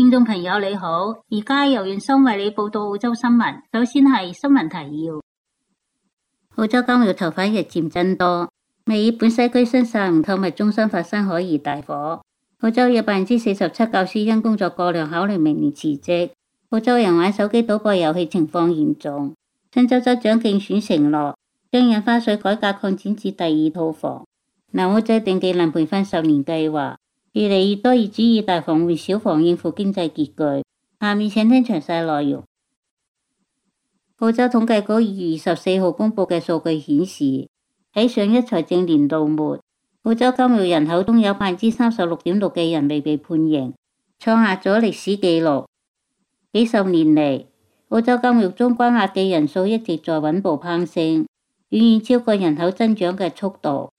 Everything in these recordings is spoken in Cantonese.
聽眾朋友你好，而家由原生為你報道澳洲新聞。首先係新聞提要：澳洲監獄囚犯日漸增多；墨爾本西區 Sunshine 購物中心發生可疑大火；澳洲有百分之四十七教師因工作過量考慮明年辭職；澳洲人玩手機賭博遊戲情況嚴重；新州州長競選承諾將印花稅改革擴展至第二套房；南澳制定技能培訓十年計劃。越嚟越多業主以大房換小房應付經濟拮據。下面請聽詳細內容。澳洲統計局二十四號公布嘅數據顯示，喺上一財政年度末，澳洲監獄人口中有百分之三十六點六嘅人未被判刑，創下咗歷史紀錄。幾十年嚟，澳洲監獄中關押嘅人數一直在穩步攀升，遠遠超過人口增長嘅速度。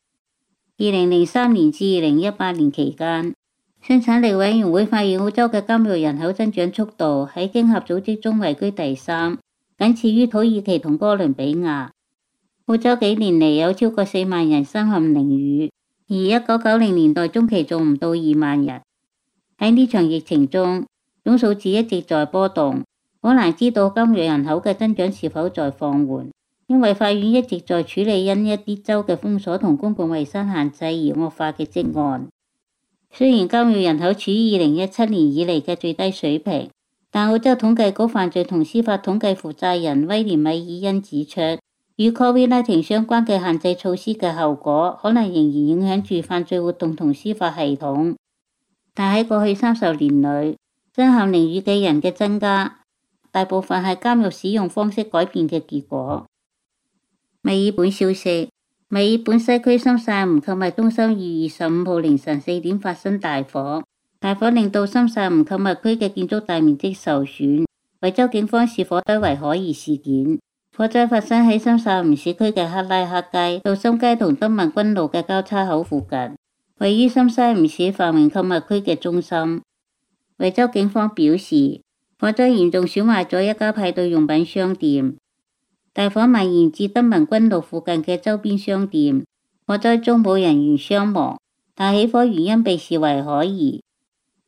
二零零三年至二零一八年期間，生產力委員會發現澳洲嘅監獄人口增長速度喺經合組織中位居第三，僅次於土耳其同哥倫比亞。澳洲幾年嚟有超過四萬人身陷囹圄，而一九九零年代中期仲唔到二萬人。喺呢場疫情中，總數字一直在波動，好難知道監獄人口嘅增長是否在放緩。因為法院一直在處理因一啲州嘅封鎖同公共衞生限制而惡化嘅職案，雖然監獄人口處於二零一七年以嚟嘅最低水平，但澳洲統計局犯罪同司法統計負責人威廉米爾恩指出，與 Covid nineteen 相關嘅限制措施嘅後果，可能仍然影響住犯罪活動同司法系統。但喺過去三十年裏，生效囹圄嘅人嘅增加，大部分係監獄使用方式改變嘅結果。墨爾本消息，墨爾本西區 Sunshine 購物中心二月十五號凌晨四點發生大火，大火令到 Sunshine 購物區嘅建築大面積受損。維州警方視火災為可疑事件。火災發生喺 Sunshine 市區嘅克拉克街、杜森街同德文郡路嘅交叉口附近，位於 Sunshine 市繁榮購物區嘅中心。維州警方表示，火災嚴重損壞咗一家派對用品商店。大火蔓延至德文君路附近嘅周邊商店，火災中冇人員傷亡，但起火原因被視為可疑。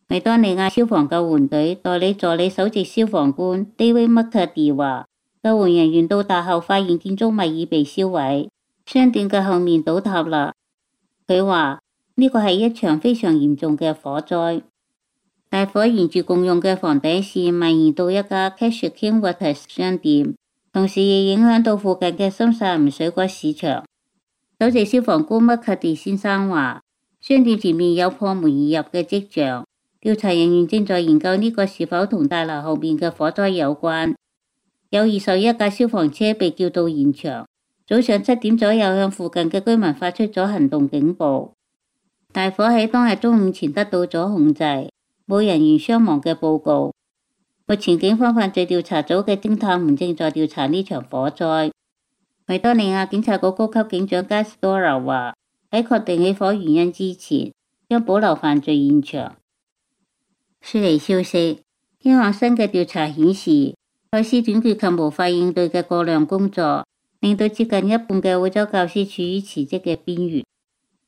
維多利亞消防救援隊代理助理首席消防官 David Mcardie 話，救援人員到達後發現建築物已被燒毀，商店嘅後面倒塌啦。佢話呢個係一場非常嚴重嘅火災。大火沿住共用嘅房頂線蔓延到一家 Cashew King Waters 商店。同時亦影響到附近嘅深水埗水果市場。首席消防官麥克迪先生話，商店前面有破門而入嘅跡象。調查人員正在研究呢個是否同大樓後面嘅火災有關。有二十一架消防車被叫到現場。早上七點左右向附近嘅居民發出咗行動警報。大火喺當日中午前得到咗控制，冇人員傷亡嘅報告。目前，警方犯罪調查組嘅偵探們正在調查呢場火災。維多利亞警察局高級警長加斯多羅話：喺確定起火原因之前，將保留犯罪現場。雪梨消息：一項新嘅調查顯示，教師短缺及無法應對嘅過量工作，令到接近一半嘅澳洲教師處於辭職嘅邊緣。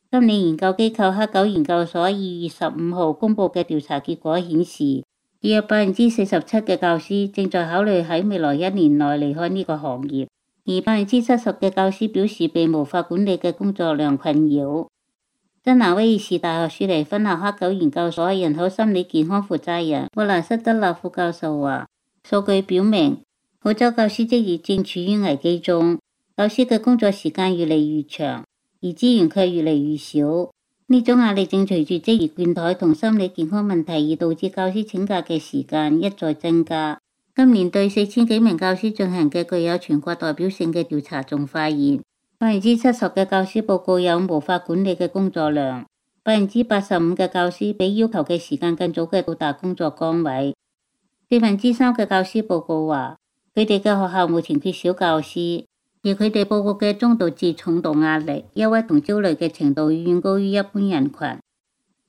今年研究機構黑狗研究所二月十五號公佈嘅調查結果顯示。約百分之四十七嘅教師正在考慮喺未來一年內離開呢個行業，而百分之七十嘅教師表示被無法管理嘅工作量困擾。新南威爾士大學樹梨分校黑狗研究所人口心理健康負責人霍蘭斯德勒副教授話：數據表明，澳洲教師職業正處於危機中，教師嘅工作時間越嚟越長，而資源卻越嚟越少。呢種壓力正隨住職業倦怠同心理健康問題而導致教師請假嘅時間一再增加。今年對四千幾名教師進行嘅具有全國代表性嘅調查仲發現，百分之七十嘅教師報告有無法管理嘅工作量，百分之八十五嘅教師比要求嘅時間更早嘅到達工作崗位，四分之三嘅教師報告話，佢哋嘅學校目前缺少教師。而佢哋報告嘅中度至重度壓力、憂鬱同焦慮嘅程度，遠遠高於一般人群。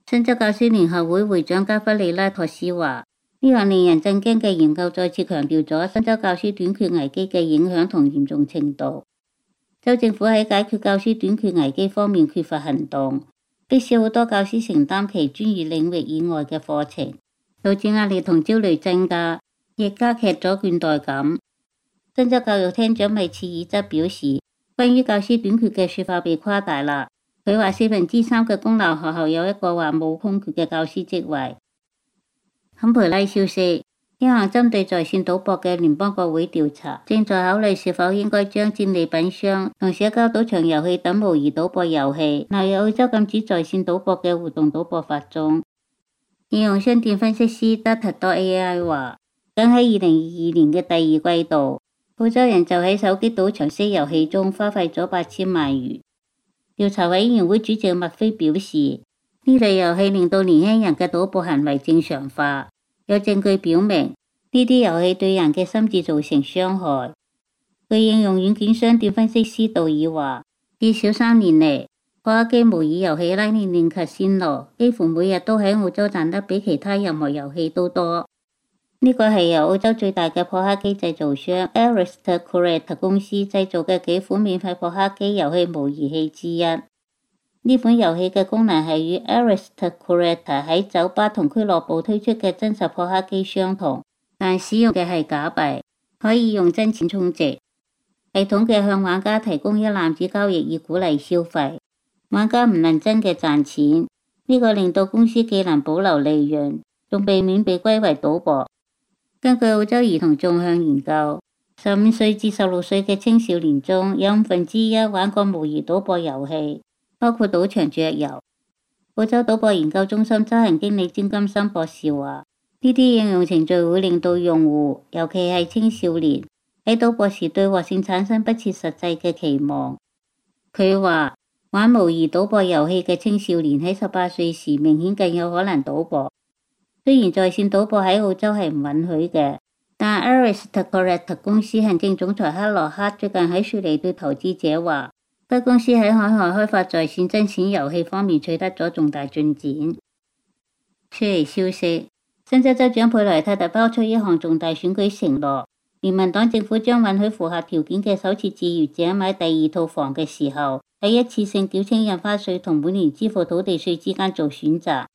新州教師聯合會會長加弗里拉托斯話：呢份令人震驚嘅研究再次強調咗新州教師短缺危機嘅影響同嚴重程度。州政府喺解決教師短缺危機方面缺乏行動，迫使好多教師承擔其專業領域以外嘅課程，導致壓力同焦慮增加，亦加劇咗倦怠感。新州教育廳長米切爾則表示，關於教師短缺嘅說法被誇大啦。佢話四分之三嘅公立學校有一個話冇空缺嘅教師職位。坎培拉消息：一項針對在線賭博嘅聯邦國會調查正在考慮是否應該將戰利品商同社交賭場遊戲等模擬賭博遊戲納入澳洲禁止在線賭博嘅互動賭博法中。應用商店分析師德特多 A.I. 話，僅喺二零二二年嘅第二季度，澳洲人就喺手機賭場式遊戲中花費咗八千萬元。調查委員會主席麥菲表示，呢類遊戲令到年輕人嘅賭博行為正常化，有證據表明呢啲遊戲對人嘅心智造成傷害。據應用軟件商店分析師道爾話，至少三年嚟，跨機模擬遊戲《拉鏈鏈及線路》幾乎每日都喺澳洲賺得比其他任何遊戲都多。呢個係由澳洲最大嘅破卡機製造商 Aristocrat 公司製造嘅幾款免費破卡機遊戲模擬器之一。呢款遊戲嘅功能係與 Aristocrat 喺酒吧同俱樂部推出嘅真實破卡機相同，但使用嘅係假幣，可以用真錢充值。系統嘅向玩家提供一籃子交易，以鼓勵消費。玩家唔能真嘅賺錢，呢、這個令到公司既能保留利潤，仲避免被歸為賭博。根據澳洲兒童縱向研究，十五歲至十六歲嘅青少年中有五分之一玩過模擬賭博遊戲，包括賭場桌遊。澳洲賭博研究中心執行經理詹金森博士話：呢啲應用程序會令到用戶，尤其係青少年喺賭博時對獲勝產生不切實際嘅期望。佢話玩模擬賭博遊戲嘅青少年喺十八歲時明顯更有可能賭博。雖然在線賭博喺澳洲係唔允許嘅，但 Aristocrat 公司行政總裁克洛克最近喺雪梨對投資者話：該公司喺海外開發在線真錢遊戲方面取得咗重大進展。雪梨消息，新州州長佩萊特特包出一項重大選舉承諾，聯盟黨政府將允許符合條件嘅首次置業者買第二套房嘅時候，喺一次性繳清印花稅同每年支付土地稅之間做選擇。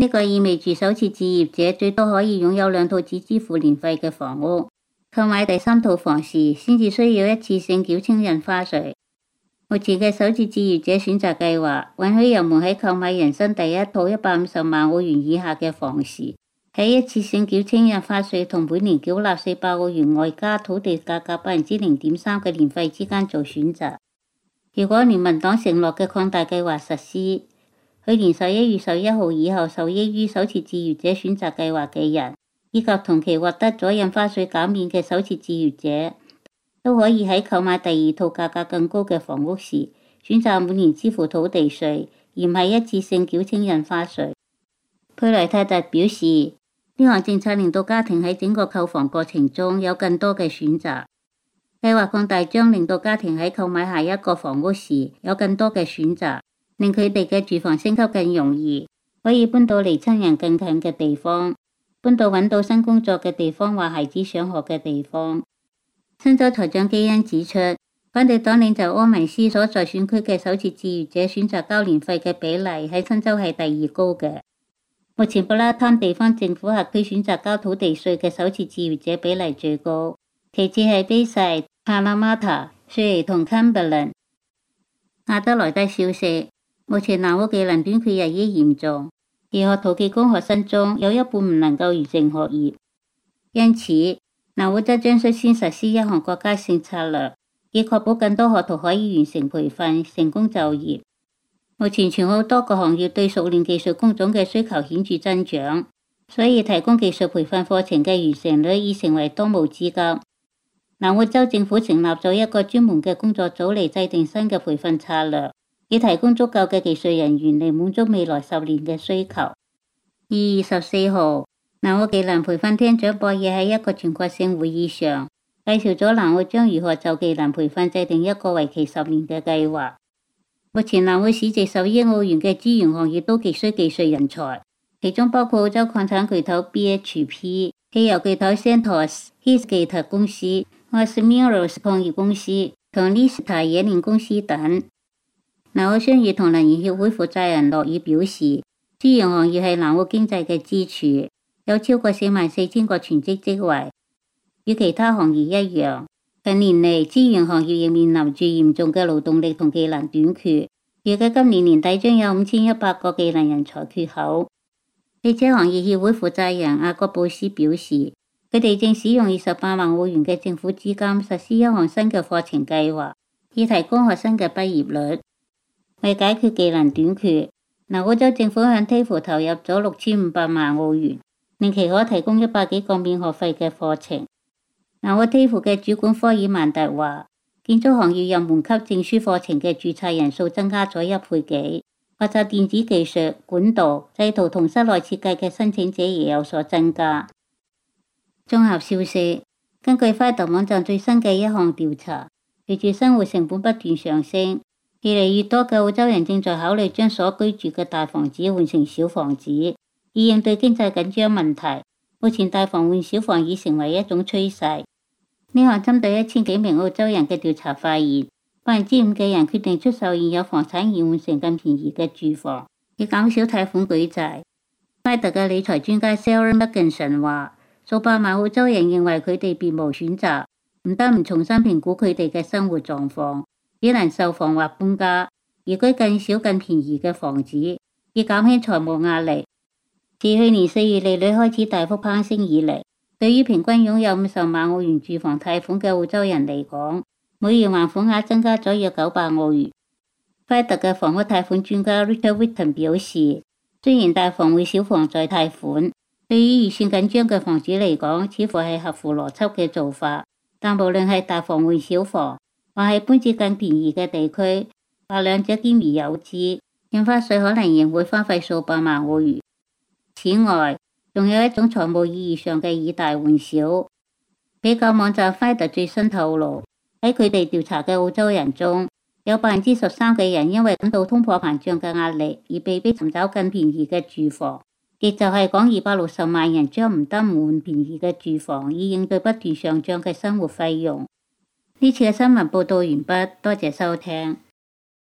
呢個意味住首次置業者最多可以擁有兩套只支付年費嘅房屋，購買第三套房時先至需要一次性繳清印花稅。目前嘅首次置業者選擇計劃，允許人們喺購買人生第一套一百五十萬澳元以下嘅房時，喺一次性繳清印花稅同每年繳納四百澳元外加土地價格百分之零點三嘅年費之間做選擇。如果聯盟黨承諾嘅擴大計劃實施，去年十一月十一號以後受益於首次置業者選擇計劃嘅人，以及同期獲得咗印花稅減免嘅首次置業者，都可以喺購買第二套價格更高嘅房屋時，選擇每年支付土地稅，而唔係一次性繳清印花稅。佩雷泰特表示，呢項政策令到家庭喺整個購房過程中有更多嘅選擇。計劃擴大將令到家庭喺購買下一個房屋時有更多嘅選擇。令佢哋嘅住房升級更容易，可以搬到離親人更近嘅地方，搬到搵到新工作嘅地方或孩子上學嘅地方。新州財長基恩指出，反對黨領袖柯文斯所在選區嘅首次置業者選擇交年費嘅比例喺新州係第二高嘅。目前布拉坦地方政府轄區選擇交土地稅嘅首次置業者比例最高，其次係卑士帕拉馬塔、雪梨同堪伯倫、阿德萊德少說。目前南澳技能短缺日益嚴重，而學徒技工學生中有一半唔能夠完成學業，因此南澳州將率先實施一項國家性策略，以確保更多學徒可以完成培訓、成功就業。目前全澳多個行業對熟練技術工種嘅需求顯著增長，所以提供技術培訓課程嘅完成率已成為當務之急。南澳州政府成立咗一個專門嘅工作組嚟制定新嘅培訓策略。以提供足夠嘅技術人員嚟滿足未來十年嘅需求。二月十四號，南澳技能培訓廳長博野喺一個全國性會議上介紹咗南澳將如何就技能培訓制定一個為期十年嘅計劃。目前，南澳市值數億澳元嘅資源行業都急需技術人才，其中包括澳洲礦產巨頭 BHP、汽油巨頭 Santos、Hisgita 公司、Asmiraos 礦業公司同 Listar 冶煉公司等。南澳商業同能源協會負責人諾爾表示，資源行業係南澳經濟嘅支柱，有超過四萬四千個全職職位。與其他行業一樣，近年嚟資源行業亦面臨住嚴重嘅勞動力同技能短缺。預計今年年底將有五千一百個技能人才缺口。汽車行業協會負責人阿國布斯表示，佢哋正使用二十八萬澳元嘅政府資金實施一項新嘅課程計劃，以提高學生嘅畢業率。為解決技能短缺，南澳州政府向 TAFE 投入咗六千五百萬澳元，令其可提供一百幾個免學費嘅課程。南澳 TAFE 嘅主管科爾曼特話，建築行業入門級證書課程嘅注冊人數增加咗一倍幾，學習電子技術、管道、製圖同室內設計嘅申請者亦有所增加。綜合消息，根據 Finder 網站最新嘅一項調查，隨住生活成本不斷上升，越嚟越多嘅澳洲人正在考慮將所居住嘅大房子換成小房子，以應對經濟緊張問題。目前大房換小房已成為一種趨勢。呢項針對一千幾名澳洲人嘅調查發現，百分之五嘅人決定出售現有房產而換成更便宜嘅住房，以減少貸款舉債。艾特嘅理財專家 Sarah Megginson 話：數百萬澳洲人認為佢哋別無選擇，唔得唔重新評估佢哋嘅生活狀況。只能售房或搬家，移居更小更便宜嘅房子，以減輕財務壓力。自去年四月利率開始大幅攀升以嚟，對於平均擁有五十萬澳元住房貸款嘅澳洲人嚟講，每月還款額增加咗約九百澳元。快特嘅房屋貸款專家 Richard Whitten 表示：，雖然大房換小房再貸款，對於預算緊張嘅房主嚟講，似乎係合乎邏輯嘅做法，但無論係大房換小房，或係搬至更便宜嘅地區，或兩者兼而有之，印花稅可能仍會花費數百萬澳元。此外，仲有一種財務意義上嘅以大換小。比較網站 Finder 最新透露，喺佢哋調查嘅澳洲人中，有百分之十三嘅人因為感到通貨膨脹嘅壓力而被迫尋找更便宜嘅住房，亦就係講二百六十萬人將唔得唔換便宜嘅住房，以應對不斷上漲嘅生活費用。呢次嘅新聞報道完畢，多謝收聽。